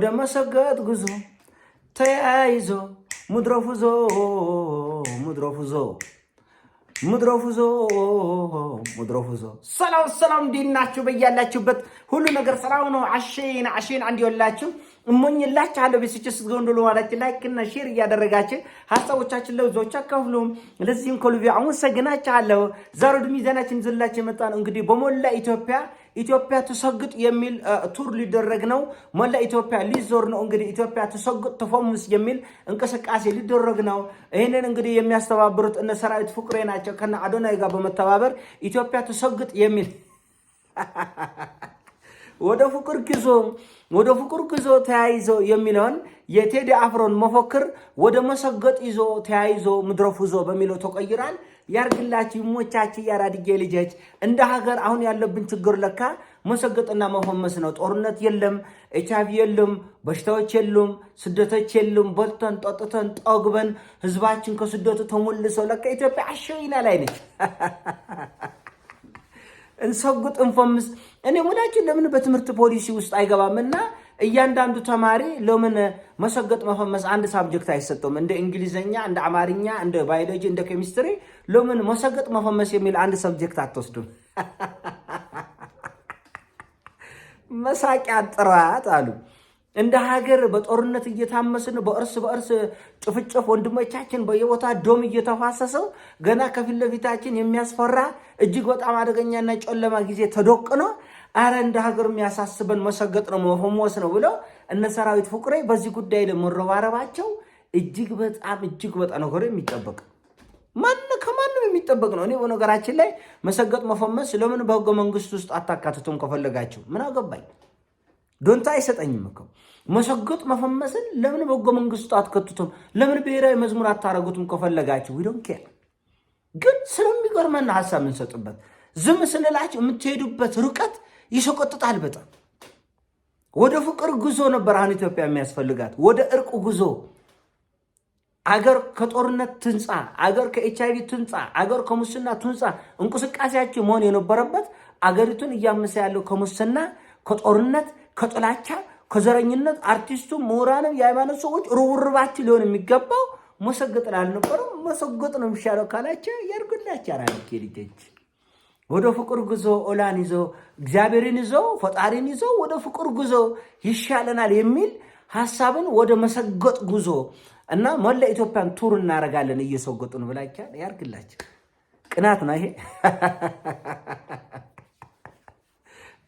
ወደ መሰገጥ ጉዞ ተያይዞ ሙድሮ ፉዞ ሙድሮ ፉዞ ሙድሮ ፉዞ ሙድሮ ፉዞ። ሰላም ሰላም፣ እንዴት ናችሁ? በያላችሁበት ሁሉ ነገር ሰላም ነው። አሸን አሸን አንድ ይወላችሁ እሞኝላችሁ አለ ቤስችስ ጎንዶሎ ማለት ላይክ እና ሼር እያደረጋችሁ ሀሳቦቻችን ለብዙዎች አካፍሉም። ለዚህም ከልቢ አመሰግናችኋለሁ። ዛሬ ድሚ ዘናችን ዝላችሁ የመጣነው እንግዲህ በሞላ ኢትዮጵያ ኢትዮጵያ ትሰግጥ የሚል ቱር ሊደረግ ነው። መላ ኢትዮጵያ ሊዞር ነው። እንግዲህ ኢትዮጵያ ትሰግጥ ትፎምስ የሚል እንቅስቃሴ ሊደረግ ነው። ይህንን እንግዲህ የሚያስተባብሩት እነ ሰራዊት ፍቅሬ ናቸው ከነ አዶናይ ጋር በመተባበር ኢትዮጵያ ትሰግጥ የሚል ወደ ፍቅር ጉዞ ወደ ፍቅር ጉዞ ተያይዞ የሚለውን የቴዲ አፍሮን መፎክር ወደ መሰገጥ ይዞ ተያይዞ ምድረፉ ዞ በሚለው ተቀይራል። ያርግላችሁ ይሞቻችሁ። ያራድጌ ልጆች እንደ ሀገር አሁን ያለብን ችግር ለካ መሰገጥና መሆመስ ነው። ጦርነት የለም፣ ኤች አይቪ የለም፣ በሽታዎች የሉም፣ ስደቶች የሉም። በልተን ጠጥተን ጠግበን ህዝባችን ከስደቱ ተሞልሰው ለካ ኢትዮጵያ አሸይና ላይ ነች። እንሰጉጥ እንፈምስ። እኔ ሙላችን ለምን በትምህርት ፖሊሲ ውስጥ አይገባምና እያንዳንዱ ተማሪ ለምን መሰገጥ መፈመስ አንድ ሳብጀክት አይሰጠውም? እንደ እንግሊዝኛ፣ እንደ አማርኛ፣ እንደ ባዮሎጂ፣ እንደ ኬሚስትሪ ለምን መሰገጥ መፈመስ የሚል አንድ ሰብጀክት አትወስዱም? መሳቂያ ጥራት አሉ። እንደ ሀገር በጦርነት እየታመስን በእርስ በእርስ ጭፍጭፍ ወንድሞቻችን በየቦታ ዶም እየተፋሰሰው ገና ከፊት ለፊታችን የሚያስፈራ እጅግ በጣም አደገኛና ጨለማ ጊዜ ተዶቅኖ አረ እንደ ሀገር የሚያሳስበን መሰገጥ ነው መፈሞስ ነው ብለው እነ ሰራዊት ፍቅሬ በዚህ ጉዳይ ለመረባረባቸው እጅግ በጣም እጅግ በጣም ነገር የሚጠበቅ ማን ከማንም የሚጠበቅ ነው። እኔ በነገራችን ላይ መሰገጥ መፈመስ ለምን በህገ መንግስት ውስጥ አታካትቱም? ከፈለጋቸው ምን አገባኝ ዶንታ አይሰጠኝም እኮ መሰገጥ መፈመስን ለምን በህገ መንግስት ውስጥ አትከቱትም? ለምን ብሔራዊ መዝሙር አታረጉትም? ከፈለጋቸው ዊዶን ኬር ግን ስለሚገርመና ሀሳብ የምንሰጥበት ዝም ስንላቸው የምትሄዱበት ርቀት ይሸቆጥጣል በጣም ወደ ፍቅር ጉዞ ነበር አሁን ኢትዮጵያ የሚያስፈልጋት ወደ እርቅ ጉዞ አገር ከጦርነት ትንፃ አገር ከኤችአይቪ ትንፃ አገር ከሙስና ትንፃ እንቅስቃሴያቸው መሆን የነበረበት አገሪቱን እያመሰ ያለው ከሙስና ከጦርነት ከጥላቻ ከዘረኝነት አርቲስቱ ምሁራንም የሃይማኖት ሰዎች ርብርባችን ሊሆን የሚገባው መሰገጥ ላልነበረው መሰገጥ ነው የሚሻለው ካላቸው ያርጉላቸው አራሚኬ ልጆች ወደ ፍቅር ጉዞ ኦላን ይዞ እግዚአብሔርን ይዞ ፈጣሪን ይዞ ወደ ፍቅር ጉዞ ይሻለናል የሚል ሀሳብን ወደ መሰገጥ ጉዞ እና መለ ኢትዮጵያን ቱር እናደርጋለን እየሰገጡን ብላቻ ያርግላች ቅናት ነው ይሄ።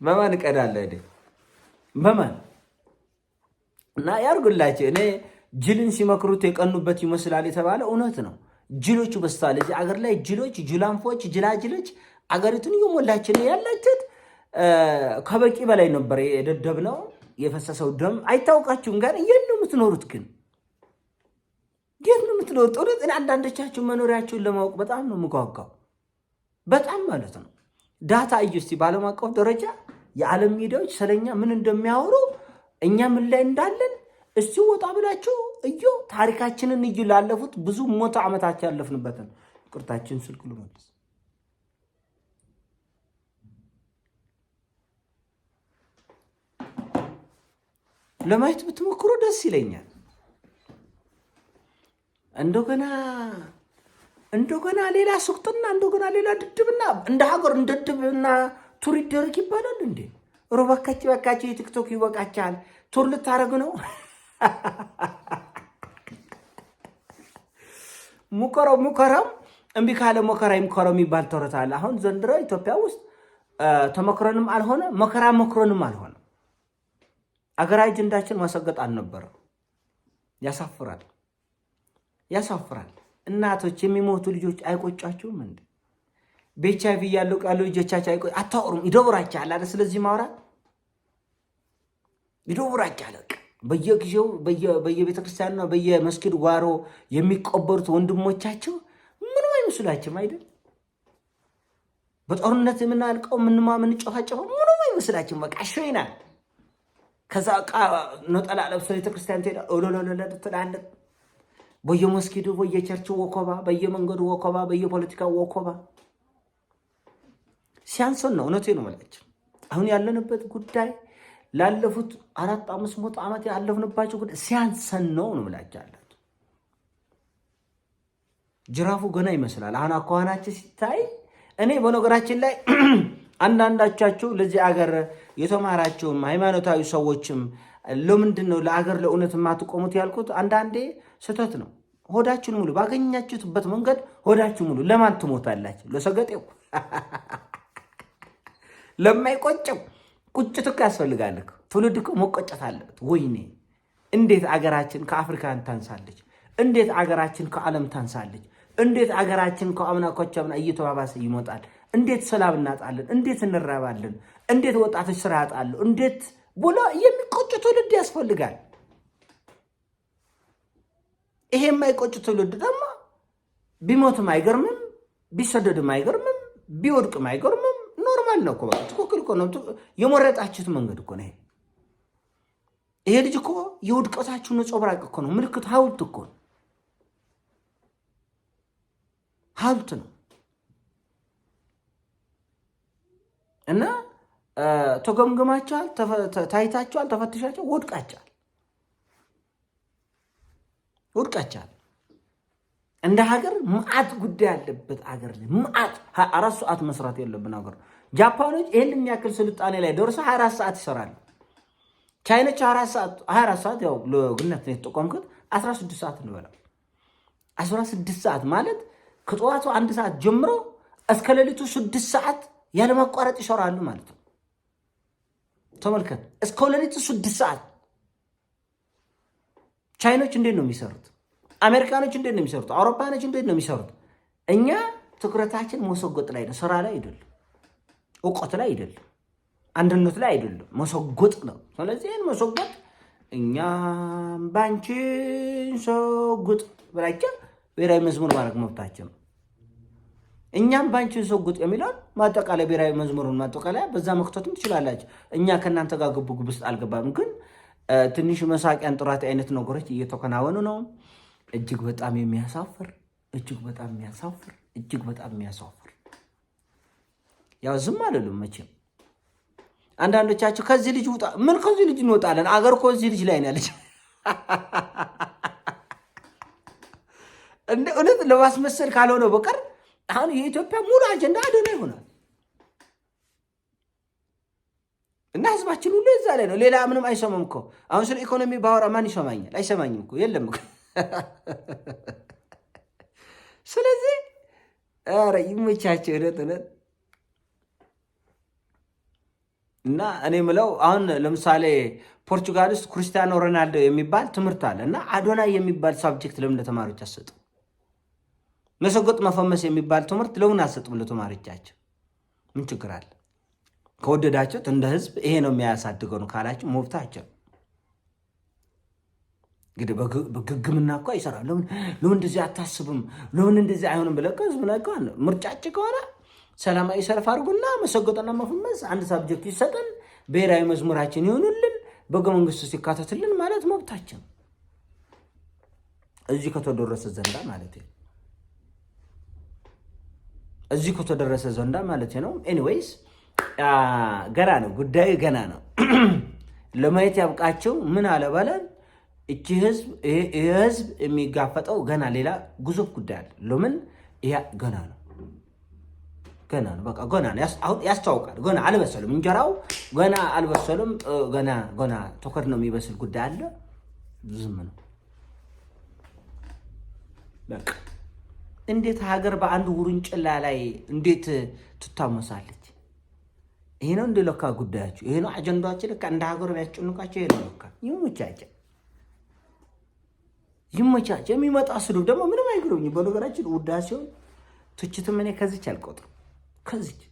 በማን እቀዳለሁ እኔ በማን እና ያርጉላቸው። እኔ ጅልን ሲመክሩት የቀኑበት ይመስላል የተባለ እውነት ነው። ጅሎቹ በስተዋል እዚህ አገር ላይ ጅሎች፣ ጅላንፎች፣ ጅላጅሎች አገሪቱን እየሞላችን ያላችት ከበቂ በላይ ነበር የደደብነው። የፈሰሰው ደም አይታወቃችሁም ጋር የት ነው የምትኖሩት? ግን የት ነው የምትኖሩት? እውነት አንዳንዶቻችሁ መኖሪያችሁን ለማወቅ በጣም ነው የምጓጓው። በጣም ማለት ነው። ዳታ እዩ እስቲ በዓለም አቀፍ ደረጃ የዓለም ሚዲያዎች ስለኛ ምን እንደሚያወሩ እኛ ምን ላይ እንዳለን እስቲ ወጣ ብላችሁ እዩ። ታሪካችንን እዩ። ላለፉት ብዙ ሞተ ዓመታቸው ያለፍንበትን ቁርታችን ስልክ ልመልስ ለማየት ብትሞክሩ ደስ ይለኛል። እንደገና እንደገና ሌላ ሱቅጥና እንደገና ሌላ ድድብና እንደ ሀገር እንደ እንደድብና ቱር ይደረግ ይባላል እንዴ? ሮባካች በካቸው የቲክቶክ ይወቃቻል። ቱር ልታደረግ ነው። ሙከራው ሙከረም እምቢ ካለ መከራ ይምከረው የሚባል ተረት አለ። አሁን ዘንድሮ ኢትዮጵያ ውስጥ ተመክረንም አልሆነ መከራ መክረንም አልሆነ አገራዊ አጀንዳችን ማሰገጥ አልነበረም። ያሳፍራል፣ ያሳፍራል። እናቶች የሚሞቱ ልጆች አይቆጫችሁም እንዴ? በኤች አይ ቪ ያለው ቃሉ ልጆቻቸው አይቆ አታወሩም። ይደብራችኋል አለ። ስለዚህ ማውራት ይደብራችኋል። በየጊዜው በየቤተ ክርስቲያንና በየመስጊድ ጓሮ የሚቆበሩት ወንድሞቻቸው ምንም አይመስላችሁም አይደል? በጦርነት የምናልቀው ምንማ የምንጨፋጨፈው ምንም አይመስላችሁም። በቃ ሾይናል። ከዛ ቃ ነጠላ ለብሶ ቤተክርስቲያን ትሄዳ ሎሎሎሎ ትላለ። በየመስጊዱ በየቸርቹ ወኮባ፣ በየመንገዱ ወኮባ፣ በየፖለቲካ ወኮባ ሲያንሰን ነው። እውነቴ ነው መላችን አሁን ያለንበት ጉዳይ ላለፉት አራት አምስት መቶ ዓመት ያለፍንባቸው ጉዳይ ሲያንሰን ነው ነው ምላቻለን። ጅራፉ ገና ይመስላል። አሁን አኳኋናችን ሲታይ እኔ በነገራችን ላይ አንዳንዳቻችሁ ለዚህ አገር የተማራችሁም ሃይማኖታዊ ሰዎችም ለምንድን ነው ለአገር ለእውነት የማትቆሙት ያልኩት፣ አንዳንዴ ስህተት ነው። ሆዳችሁን ሙሉ ባገኛችሁትበት መንገድ ሆዳችሁ ሙሉ። ለማን ትሞታላችሁ? ለሰገጤው ለማይቆጭም ቁጭት እኮ ያስፈልጋል። ትውልድ እኮ መቆጨት አለበት። ወይኔ እንዴት አገራችን ከአፍሪካን ታንሳለች? እንዴት አገራችን ከዓለም ታንሳለች? እንዴት አገራችን ከአምና ኮቻምና እየተባባሰ ይመጣል? እንዴት ሰላም እናጣለን? እንዴት እንራባለን? እንዴት ወጣቶች ስራ ያጣሉ? እንዴት ብሎ የሚቆጭ ትውልድ ያስፈልጋል። ይሄ የማይቆጭ ትውልድ ደግሞ ቢሞትም አይገርምም፣ ቢሰደድም አይገርምም፣ ቢወድቅም አይገርምም። ኖርማል ነው እኮ በቃ ትክክል እኮ ነው። የመረጣችሁት መንገድ እኮ ነው። ይሄ ልጅ እኮ የውድቀታችሁ ነጸብራቅ እኮ ነው። ምልክት ሀውልት እኮ ነው፣ ሀውልት ነው። እና ተገምግማቸዋል፣ ታይታቸዋል፣ ተፈትሻቸው ወድቃቸዋል ወድቃቸዋል። እንደ ሀገር መዓት ጉዳይ ያለበት አገር ላይ መዓት አራት ሰዓት መስራት የለብን ሀገር። ጃፓኖች ይህን የሚያክል ስልጣኔ ላይ ደርሰ ሀያ አራት ሰዓት ይሰራሉ። ቻይኖች ሀያ ሰዓት ያው ለግነት ነው የተጠቆምክት አስራ ስድስት ሰዓት እንበላ አስራ ስድስት ሰዓት ማለት ከጠዋቱ አንድ ሰዓት ጀምሮ እስከ ሌሊቱ ስድስት ሰዓት ያለማቋረጥ ይሰራሉ ማለት ነው። ተመልከት፣ እስከ ሌሊቱ ስድስት ሰዓት ቻይኖች እንዴት ነው የሚሰሩት? አሜሪካኖች እንዴት ነው የሚሰሩት? አውሮፓኖች እንዴት ነው የሚሰሩት? እኛ ትኩረታችን መሰጎጥ ላይ ነው፣ ስራ ላይ አይደለም፣ እውቀት ላይ አይደለም፣ አንድነት ላይ አይደለም፣ መሰጎጥ ነው። ስለዚህ ይህን መሰጎጥ እኛም ባንቺን ሰጉጥ ብላቸው ብሔራዊ መዝሙር ማድረግ መብታቸው ነው። እኛም ባንቺ ዘጉጥ የሚለውን ማጠቃለያ ብሔራዊ መዝሙሩን ማጠቃለያ በዛ መክተትም ትችላላችሁ። እኛ ከእናንተ ጋር ግቡግብ ውስጥ አልገባም፣ ግን ትንሽ መሳቂያን ጥራት አይነት ነገሮች እየተከናወኑ ነው። እጅግ በጣም የሚያሳፍር እጅግ በጣም የሚያሳፍር እጅግ በጣም የሚያሳፍር። ያው ዝም አልልም መቼም። አንዳንዶቻቸው ከዚህ ልጅ ውጣ፣ ምን ከዚህ ልጅ እንወጣለን? አገር እኮ እዚህ ልጅ ላይ ነው ያለች። እንደ እውነት ለማስመሰል ካልሆነ በቀር አሁን የኢትዮጵያ ሙሉ አጀንዳ አዶና ይሆናል እና ህዝባችን ሁሉ እዛ ላይ ነው። ሌላ ምንም አይሰማም እኮ አሁን ስለ ኢኮኖሚ ባወራ ማን ይሰማኛል? አይሰማኝም እኮ የለም። ስለዚህ ኧረ ይመቻቸው እውነት እና እኔ ምለው አሁን ለምሳሌ ፖርቹጋል ውስጥ ክርስቲያኖ ሮናልዶ የሚባል ትምህርት አለ እና አዶናይ የሚባል ሳብጀክት ለምን ለተማሪዎች አሰጡ? መሰጎጥ መፈመስ የሚባል ትምህርት ለምን አሰጥ ብሎ ተማሪቻቸው ምን ችግር አለ? ከወደዳቸው እንደ ህዝብ ይሄ ነው የሚያሳድገው ነው ካላችሁ መብታቸው። እንግዲህ በግግምና እኮ ይሰራል። ለምን ለምን እንደዚህ አታስብም? ለምን እንደዚህ አይሆንም ብለህ ህዝብ ነው ነቀዋል። ምርጫች ከሆነ ሰላማዊ ሰልፍ አድርጉና መሰጎጥና መፈመስ አንድ ሳብጀክት ይሰጠን፣ ብሔራዊ መዝሙራችን ይሆኑልን፣ በህገ መንግስቱ ሲካተትልን ማለት መብታችን እዚህ ከተደረሰ ዘንዳ ማለት ነው። እዚህ ከተደረሰ ዘንዳ ማለት ነው። ኤኒዌይስ ገና ነው ጉዳዩ ገና ነው። ለማየት ያብቃቸው። ምን አለባለን እቺ ህዝብ ይህ ህዝብ የሚጋፈጠው ገና ሌላ ግዙፍ ጉዳይ አለ። ለምን ያ ገና ነው ገና ነው በቃ ገና ነው። ያስታውቃል። ገና አልበሰሉም፣ እንጀራው ገና አልበሰሉም። ገና ገና ተኮድ ነው የሚበስል ጉዳይ አለ። ዝም ነው በቃ እንዴት ሀገር በአንድ ውርንጭላ ላይ እንዴት ትታመሳለች? ይሄ ነው እንደ ለካ ጉዳያቸው፣ ይሄ ነው አጀንዳቸው። ለካ እንደ ሀገር ያስጨንቃቸው ይሄ ነው ለካ። ይመቻቸው፣ ይመቻቸው። የሚመጣ ስድብ ደግሞ ምንም አይግረኝ። በነገራችን ውዳሴውን ትችትም እኔ ከዚች አልቆጥርም። ከዚች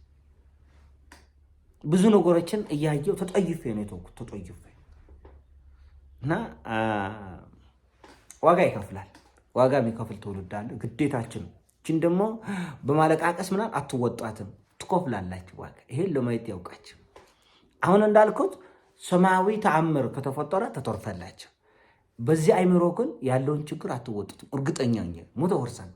ብዙ ነገሮችን እያየው ተጠይፌ ነው የተውኩት። ተጠይፌ እና ዋጋ ይከፍላል። ዋጋ የሚከፍል ትውልድ አለ። ግዴታችን እችን ደግሞ በማለቃቀስ ምናምን አትወጧትም፣ ትኮፍላላችሁ ዋጋ። ይሄን ለማየት ያውቃችሁ። አሁን እንዳልኩት ሰማያዊ ተአምር ከተፈጠረ ተተርፈላችሁ። በዚህ አይምሮ ግን ያለውን ችግር አትወጡትም። እርግጠኛ መቶ ፐርሰንት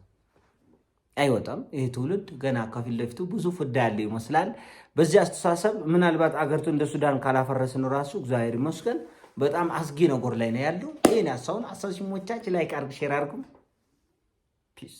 አይወጣም። ይሄ ትውልድ ገና ከፊት ለፊቱ ብዙ ፍዳ ያለው ይመስላል። በዚህ አስተሳሰብ ምናልባት አገሪቱ እንደ ሱዳን ካላፈረስን ራሱ እግዚአብሔር ይመስገን በጣም አስጊ ነገር ላይ ነው ያለው። ይህን ያሳውን አሳሲሞቻች ላይክ አርግ፣ ሼር አርጉ። ፒስ